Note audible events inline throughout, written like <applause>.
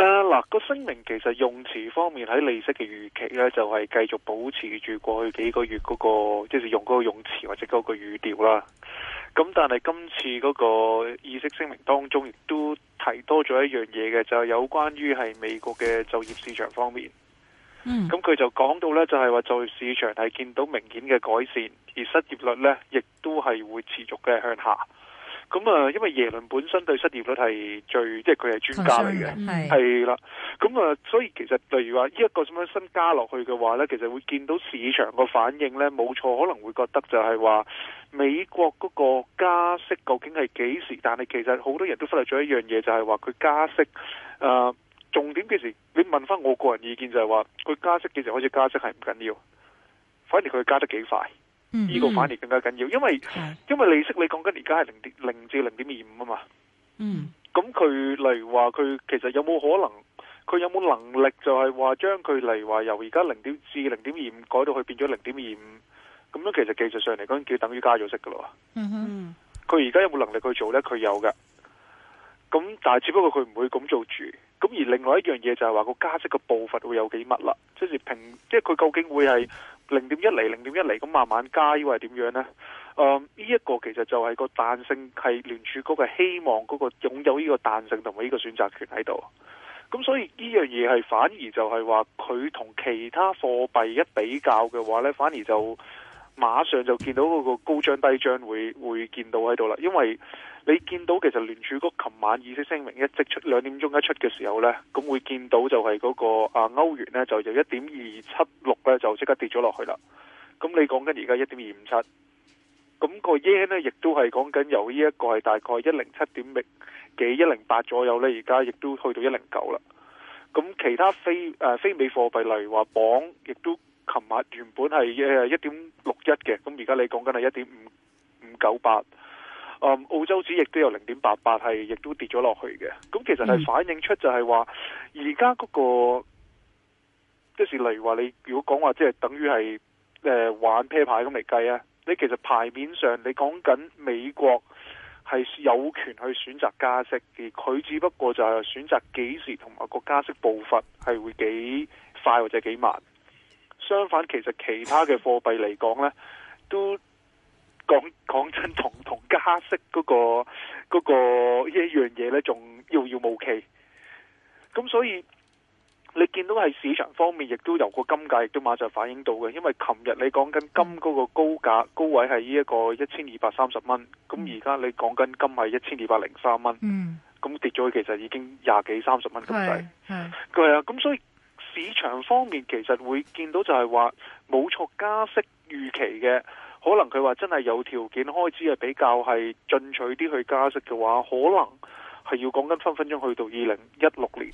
嗱、啊那個聲明其實用詞方面喺利息嘅預期呢，就係、是、繼續保持住過去幾個月嗰、那個，即、就是用嗰個用詞或者嗰個語調啦。咁、嗯、但係今次嗰個議息聲明當中，亦都提多咗一樣嘢嘅，就係、是、有關於係美國嘅就業市場方面。嗯，咁佢就講到呢，就係、是、話就業市場係見到明顯嘅改善，而失業率呢，亦都係會持續嘅向下。咁啊，因為耶倫本身對失業率係最，即係佢係專家嚟嘅，係啦。咁啊，所以其實例如話呢一個咁樣新加落去嘅話呢，其實會見到市場個反應呢，冇錯可能會覺得就係話美國嗰個加息究竟係幾時？但係其實好多人都忽略咗一樣嘢，就係話佢加息啊、呃，重點幾時？你問翻我個人意見就係話，佢加息幾時開始加息係唔緊要，反而佢加得幾快。呢、這個反而更加緊要，因為、嗯嗯、因為利息你講緊而家係零點零至零點二五啊嘛，嗯，咁佢例如話佢其實有冇可能，佢有冇能力就係話將佢嚟話由而家零點至零點二五改到去變咗零點二五，咁樣其實技術上嚟講叫等於加咗息噶啦，嗯哼，佢而家有冇能力去做咧？佢有噶。咁但係只不過佢唔會咁做住，咁而另外一樣嘢就係話個加息嘅步伐會有幾密啦，即係平，即係佢究竟會係零點一厘、零點一厘咁慢慢加，抑或係點樣呢？誒，呢一個其實就係個彈性，係聯儲局係希望嗰個擁有呢個彈性同埋呢個選擇權喺度。咁所以呢樣嘢係反而就係話佢同其他貨幣一比較嘅話呢反而就。馬上就見到嗰個高漲低漲會，會會見到喺度啦。因為你見到其實聯儲局琴晚議息聲明一即出，兩點鐘一出嘅時候呢，咁會見到就係嗰、嗰個啊歐元呢，就由一點二七六呢，就即刻跌咗落去啦。咁你講緊而家一點二五七，咁個 yen 呢亦都係講緊由呢一個係大概一零七點幾幾一零八左右呢，而家亦都去到一零九啦。咁其他非、呃、非美貨幣例如話磅，亦都。琴日原本係誒一點六一嘅，咁而家你講緊係一點五五九八，誒，澳洲紙亦都有零點八八係亦都跌咗落去嘅。咁其實係反映出就係話而家嗰個，即係例如話你如果講話即係等於係誒玩啤牌咁嚟計啊，你其實牌面上你講緊美國係有權去選擇加息，而佢只不過就係選擇幾時同埋個加息步伐係會幾快或者幾慢。相反，其實其他嘅貨幣嚟講呢，都講講真，同同加息嗰、嗰個一樣嘢呢，仲遙遙無期。咁所以你見到係市場方面，亦都由個金價亦都馬上反映到嘅，因為琴日你講緊金嗰個高價、嗯、高位係呢一個一千二百三十蚊，咁而家你講緊金係一千二百零三蚊，咁、嗯、跌咗去其實已經廿幾三十蚊咁滯，係，啊，咁所以。市場方面其實會見到就係話冇錯，加息預期嘅可能佢話真係有條件開始係比較係進取啲去加息嘅話，可能係要講緊分分鐘去到二零一六年。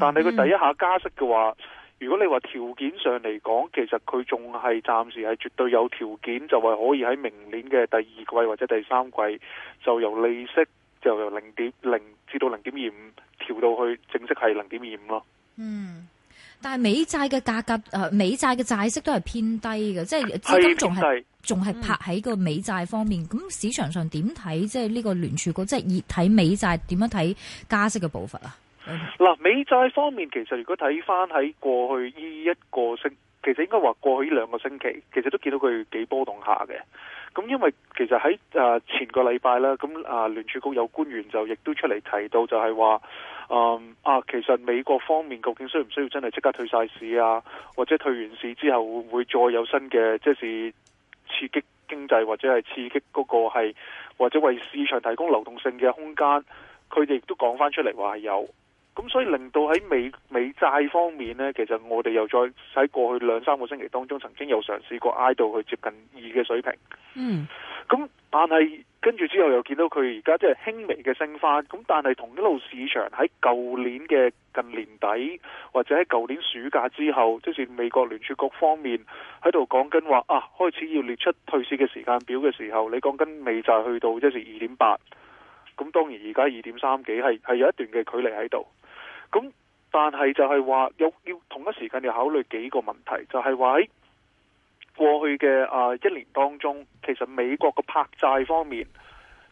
但係佢第一下加息嘅話，如果你話條件上嚟講，其實佢仲係暫時係絕對有條件就係可以喺明年嘅第二季或者第三季就由利息就由零點零至到零點二五調到去正式係零點二五咯。嗯，但係美債嘅價格誒，美債嘅債息都係偏低嘅，即係資金仲係仲係拍喺個美債方面。咁、嗯、市場上點睇，即係呢個聯儲局即係熱睇美債點樣睇加息嘅步伐啊？嗱，美債方面其實如果睇翻喺過去呢一個星期，其實應該話過去呢兩個星期，其實都見到佢幾波動下嘅。咁因為其實喺誒前個禮拜啦，咁啊聯儲局有官員就亦都出嚟提到，就係話，就係話。嗯、um, 啊，其實美國方面究竟需唔需要真係即刻退晒市啊？或者退完市之後會唔會再有新嘅，即係刺激經濟或者係刺激嗰個係，或者為市場提供流動性嘅空間？佢哋亦都講翻出嚟話係有。咁所以令到喺美美債方面呢，其實我哋又再喺過去兩三個星期當中，曾經有嘗試過挨到去接近二嘅水平。嗯。咁但係跟住之後又見到佢而家即係輕微嘅升翻。咁但係同一路市場喺舊年嘅近年底，或者喺舊年暑假之後，即是美國聯儲局方面喺度講緊話啊，開始要列出退市嘅時間表嘅時候，你講緊美債去到即是二點八。咁當然而家二點三幾係係有一段嘅距離喺度。咁，但係就係話有要同一時間要考慮幾個問題，就係話喺過去嘅啊一年當中，其實美國嘅拍債方面，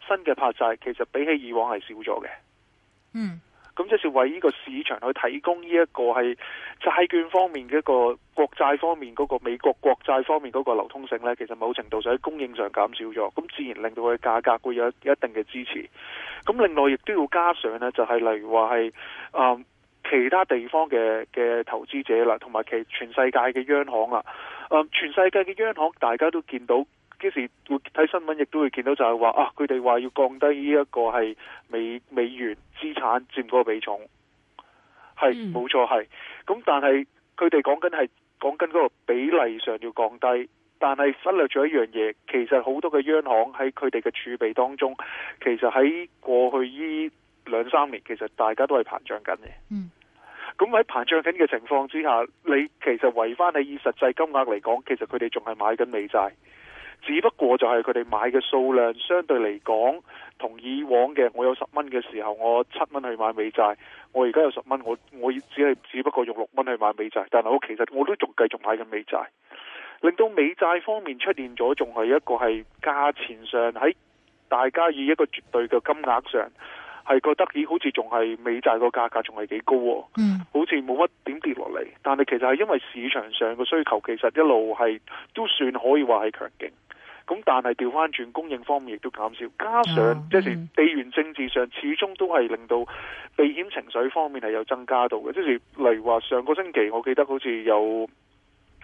新嘅拍債其實比起以往係少咗嘅。嗯。咁即是為呢個市場去提供呢一個係債券方面嘅一個國債方面嗰個美國國債方面嗰個流通性咧，其實某程度上喺供應上減少咗，咁自然令到佢價格會有一定嘅支持。咁另外亦都要加上咧，就係例如話係啊其他地方嘅嘅投資者啦，同埋其全世界嘅央行啦，啊全世界嘅央行大家都見到。幾時看聞會睇新聞，亦都會見到就係話啊，佢哋話要降低呢一個係美美元資產佔嗰個比重，係冇錯係。咁但係佢哋講緊係講緊嗰個比例上要降低，但係忽略咗一樣嘢，其實好多嘅央行喺佢哋嘅儲備當中，其實喺過去呢兩三年，其實大家都係膨脹緊嘅。嗯，咁喺膨脹緊嘅情況之下，你其實維翻你以實際金額嚟講，其實佢哋仲係買緊美債。只不過就係佢哋買嘅數量，相對嚟講，同以往嘅我有十蚊嘅時候，我七蚊去買美債。我而家有十蚊，我我只係只不過用六蚊去買美債，但係我其實我都仲繼續買緊美債，令到美債方面出現咗，仲係一個係價錢上喺大家以一個絕對嘅金額上係覺得咦，好似仲係美債個價格仲係幾高喎。嗯，好似冇乜點跌落嚟，但係其實係因為市場上嘅需求其實一路係都算可以話係強勁。咁但係調翻轉，供應方面亦都減少，加上即係、oh, mm. 地緣政治上始終都係令到避險情緒方面係有增加到嘅。即係例如話上個星期我記得好似有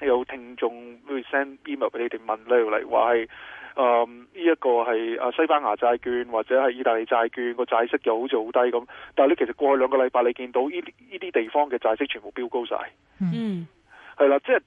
有聽眾 send email 俾你哋問咧，例如話係誒，呢一個係西班牙債券或者係意大利債券個債息又好似好低咁，但係你其實過去兩個禮拜你見到呢呢啲地方嘅債息全部飆高晒，嗯、mm.，係啦，即係。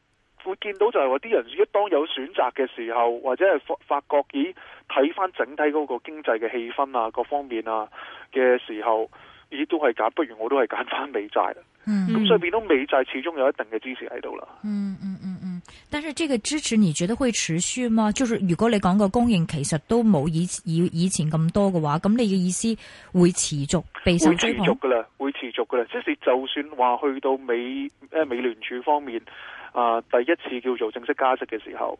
會見到就係話，啲人一當有選擇嘅時候，或者係發發覺咦，睇翻整體嗰個經濟嘅氣氛啊，各方面啊嘅時候，咦，都係揀，不如我都係揀翻美債啦。嗯，咁所以變到美債始終有一定嘅支持喺度啦。嗯嗯嗯嗯，但係這個支持你覺得會持續嗎？就是如果你講個供應其實都冇以以以前咁多嘅話，咁你嘅意思會持續備受追捧噶啦？會持續噶啦，即使、就是、就算話去到美誒、呃、美聯儲方面。啊！第一次叫做正式加息嘅時候，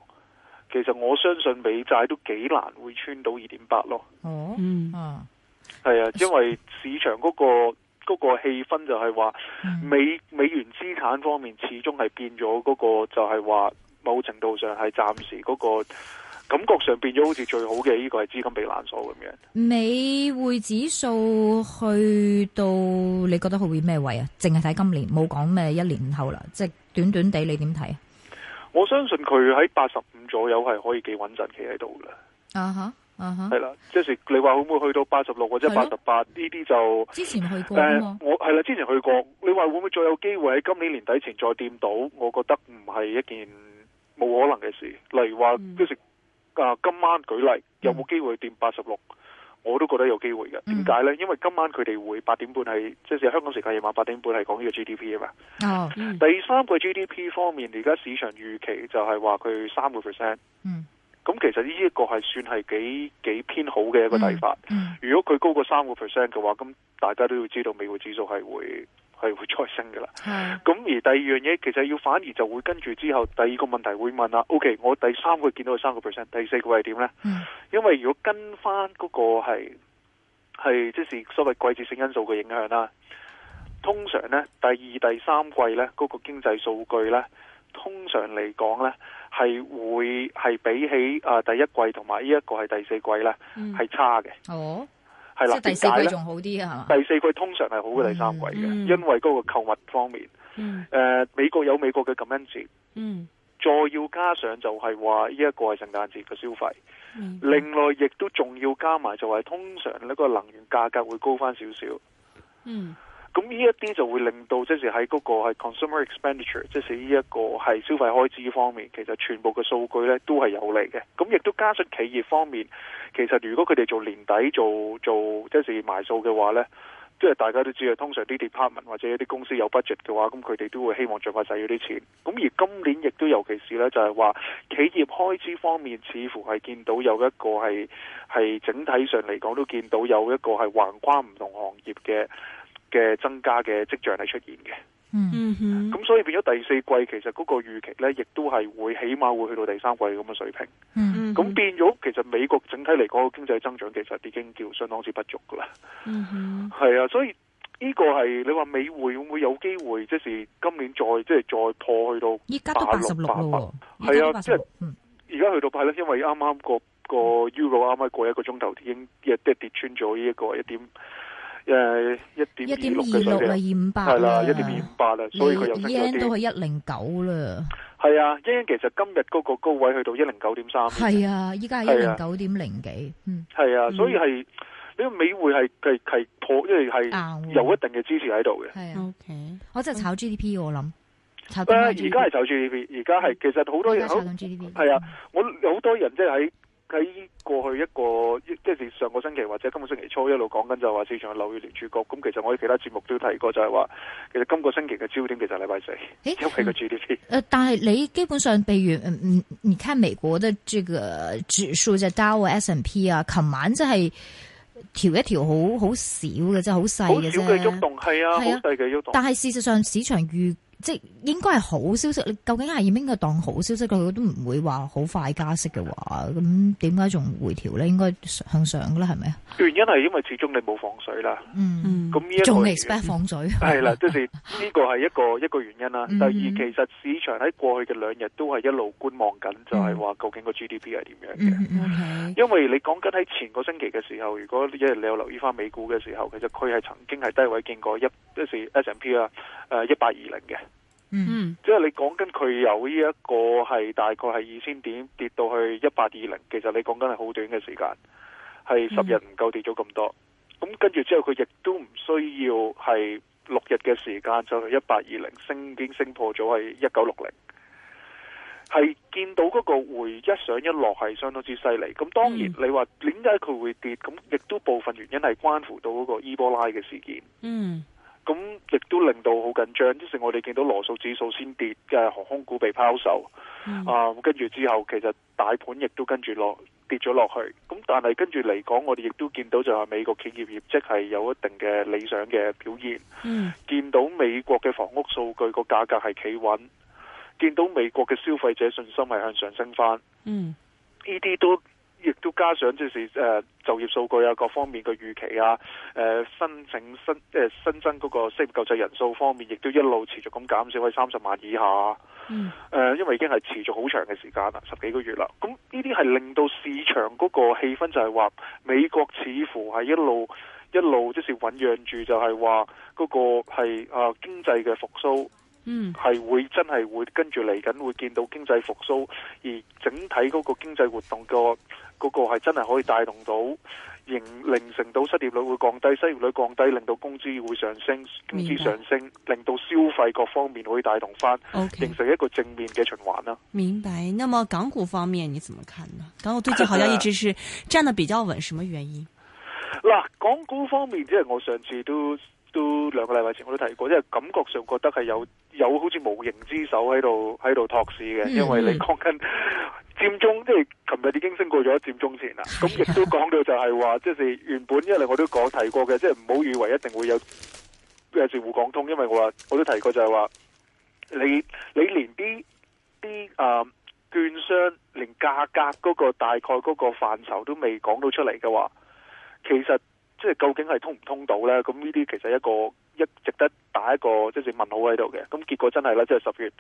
其實我相信美債都幾難會穿到二點八咯。哦，係、嗯、啊，因為市場嗰、嗰個、嗰個氣氛就係話、嗯、美美元資產方面始終係變咗嗰個就係話，就係話某程度上係暫時嗰、嗰個。感覺上變咗好似最好嘅，呢個係資金避難所咁樣。美匯指數去到你覺得佢會咩位啊？淨係睇今年冇講咩一年後啦，即係短短地你點睇？我相信佢喺八十五左右係可以幾穩陣企喺度噶。啊吓？啊吓？係啦。即係你話會唔會去到八十六或者八十八呢啲就之前去過、呃。我係啦，之前去過。呃、你話會唔會再有機會喺今年年底前再掂到？我覺得唔係一件冇可能嘅事。例如話即、嗯啊、呃！今晚舉例有冇機會跌八十六？我都覺得有機會嘅。點解呢？因為今晚佢哋會八點半係，即、就、係、是、香港時間夜晚八點半係講呢個 GDP 啊、哦、嘛、嗯。第三個 GDP 方面，而家市場預期就係話佢三個 percent。咁、嗯、其實呢一個係算係幾幾偏好嘅一個睇法、嗯嗯。如果佢高過三個 percent 嘅話，咁大家都要知道美國指數係會。係會再升嘅啦，咁而第二樣嘢其實要反而就會跟住之後第二個問題會問啦。OK，我第三個見到三個 percent，第四個係點呢、嗯？因為如果跟翻嗰個係，係即係所謂季節性因素嘅影響啦，通常呢，第二、第三季呢，嗰、那個經濟數據呢，通常嚟講呢，係會係比起啊、呃、第一季同埋呢一個係第四季呢，係、嗯、差嘅。哦係啦，第四季仲好啲啊！第四季通常係好過第三季嘅、嗯嗯，因為嗰個購物方面，誒、嗯呃，美國有美國嘅感恩節，再要加上就係話呢一個係聖誕節嘅消費、嗯，另外亦都仲要加埋就係通常呢個能源價格會高翻少少。嗯嗯。咁呢一啲就會令到即係喺嗰個係 consumer expenditure，即係呢一個係消費開支方面，其實全部嘅數據呢都係有利嘅。咁亦都加上企業方面，其實如果佢哋做年底做做即係埋數嘅話呢，即係大家都知係通常啲 department 或者一啲公司有 budget 嘅話，咁佢哋都會希望盡快使咗啲錢。咁而今年亦都尤其是呢，就係話企業開支方面似乎係見到有一個係，係整體上嚟講都見到有一個係橫跨唔同行業嘅嘅增加嘅跡象係出現嘅，嗯哼，咁所以變咗第四季其實嗰個預期咧，亦都係會起碼會去到第三季咁嘅水平，咁、嗯、變咗其實美國整體嚟講經濟增長其實已經叫相當之不足噶啦，係、嗯、啊，所以呢個係你話美匯會唔會有機會，即是今年再即係、即係、再破去到86，而家八六八？係啊，即係而家去到八啦、嗯，因為啱啱、嗰個、嗰個 Euro 啱啱過一個鐘頭已經即係跌穿咗呢一個一點。誒、uh,，一點二六嘅五八，係啦，一點二五八啦，所以佢又升咗啲。2, Yen、都係一零九啦。係啊 Yen 其實今日嗰個高位去到一零九點三。係啊，依家係一零九點零幾是、啊。嗯，係啊，所以係呢個美匯係係係破，因為係係有一定嘅支持喺度嘅。係啊,、okay uh, 啊，我真係炒 GDP 我諗。炒。而家係炒 GDP，而家係其實好多人係啊，我好多人即係喺。喺過去一個即係上個星期或者今個星期初一路講緊，就話市場流於連主角，咁其實我哋其他節目都提過就是說，就係話其實今個星期嘅焦點其實禮拜四、欸，因為佢嘅 G 但係你基本上，譬如你看美國的這個指數就道 S P 啊，琴晚即係調一條好好少嘅，即係好細嘅喐動，係啊，好細嘅喐動。但係事實上市場預。即應該係好消息，你究竟係應唔應該當好消息？佢都唔會話好快加息嘅話，咁點解仲回調咧？應該向上啦，係咪啊？原因係因為始終你冇放水啦，咁、嗯、呢一個仲 expect 放水，係啦，即是呢個係一個一個原因啦。 <laughs> 第二，其實市場喺過去嘅兩日都係一路觀望緊，就係話究竟個 GDP 係點樣嘅。嗯嗯 okay. 因為你講緊喺前個星期嘅時候，如果一日你有留意翻美股嘅時候，其實佢係曾經係低位見過一，即是 S M P 啊、uh,，誒，一八二零嘅。嗯、mm -hmm.，即係你講緊佢由呢一個係大概係二千點跌到去一八二零，其實你講緊係好短嘅時間，係十日唔夠跌咗咁多。咁、mm -hmm. 跟住之後，佢亦都唔需要係六日嘅時間就去一八二零升已經升破咗係一九六零，係見到嗰個回一上一落係相當之犀利。咁當然你話點解佢會跌，咁亦都部分原因係關乎到嗰個伊波拉嘅事件。嗯、mm -hmm.。咁亦都令到好緊張，即、就、使、是、我哋見到羅素指數先跌嘅航空股被拋售啊、嗯嗯，跟住之後其實大盤亦都跟住落跌咗落去。咁但係跟住嚟講，我哋亦都見到就係美國企業業績係有一定嘅理想嘅表現、嗯，見到美國嘅房屋數據個價格係企穩，見到美國嘅消費者信心係向上升翻，呢、嗯、啲都。亦都加上即是誒就業數據啊，各方面嘅預期啊，誒申請新誒新增嗰個失業救濟人數方面，亦都一路持續咁減少喺三十萬以下。嗯。誒，因為已經係持續好長嘅時間啦，十幾個月啦。咁呢啲係令到市場嗰個氣氛就係話美國似乎係一路一路即是醞釀住，就係話嗰個係誒經濟嘅復蘇嗯，係會真係會跟住嚟緊會見到經濟復蘇，而整體嗰個經濟活動個。嗰、那個係真係可以帶動到，形零成到失業率會降低，失業率降低令到工資會上升，工資上升令到消費各方面會帶動返，形成一個正面嘅循環啦。明白。那麼港股方面你怎麼看呢？港股最近好像一直是站得比較穩， <laughs> 什麼原因？嗱，港股方面即係我上次都。都兩個禮拜前我都提過，因為感覺上覺得係有有好似無形之手喺度喺度託市嘅，因為你講緊佔中，即係琴日已經升過咗佔中前啦。咁亦都講到就係話，即係原本，因為我都講提過嘅，即係唔好以為一定會有有滬港通，因為我我都提過就係話，你你連啲啲啊券商，連價格嗰個大概嗰個範疇都未講到出嚟嘅話，其實。即係究竟係通唔通到呢？咁呢啲其實一個一值得打一個即係、就是、問號喺度嘅。咁結果真係呢，即係十月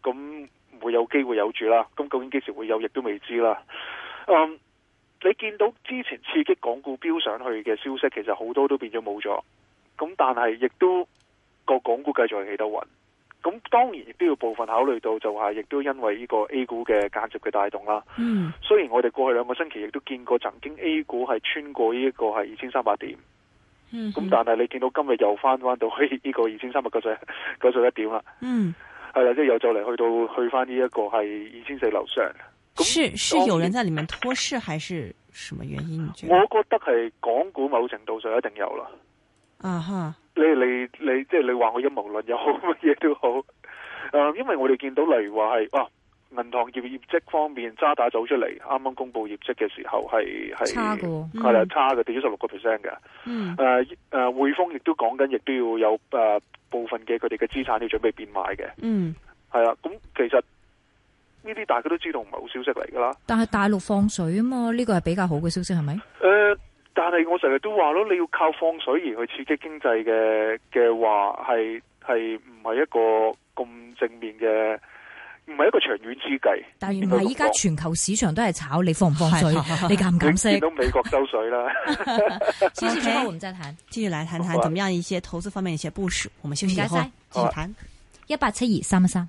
咁唔會有機會有住啦。咁究竟幾時會有，亦都未知啦。Um, 你見到之前刺激港股飆上去嘅消息，其實好多都變咗冇咗。咁但係亦都個港股繼續起得穩。咁當然亦都要部分考慮到，就係亦都因為呢個 A 股嘅間接嘅帶動啦。嗯，雖然我哋過去兩個星期亦都見過曾經 A 股係穿過呢一個係二千三百點。嗯，咁但係你見到今日又翻翻到呢呢個二千三百九十九十一點啦。嗯，係啦，即係又就嚟去到去翻呢一個係二千四樓上。是是有人在裏面托市，還是什麼原因？我覺得係港股某程度上一定有啦。啊、uh、哼 -huh.，你你你即係你話我陰謀論又好乜嘢都好，誒、呃，因為我哋見到例如話係，啊，銀行業業績方面渣打走出嚟，啱啱公布業績嘅時候係係差㗎。係啦，差嘅跌咗十六個 percent 嘅，誒誒、嗯呃呃，匯豐亦都講緊，亦都要有誒、呃、部分嘅佢哋嘅資產要準備變賣嘅，嗯，係啦，咁其實呢啲大家都知道唔係好消息嚟噶啦，但係大陸放水啊嘛，呢、這個係比較好嘅消息係咪？誒。呃但係我成日都話咯，你要靠放水而去刺激經濟嘅嘅話，係係唔係一個咁正面嘅，唔係一個長遠之計。但係唔係依家全球市場都係炒你放唔放水， <laughs> 你敢唔敢食？你到美國收水啦。繼續我們再談。繼續來談談怎麼樣一些投資方面一些部署。我們休息後繼續談。一八七二三一三。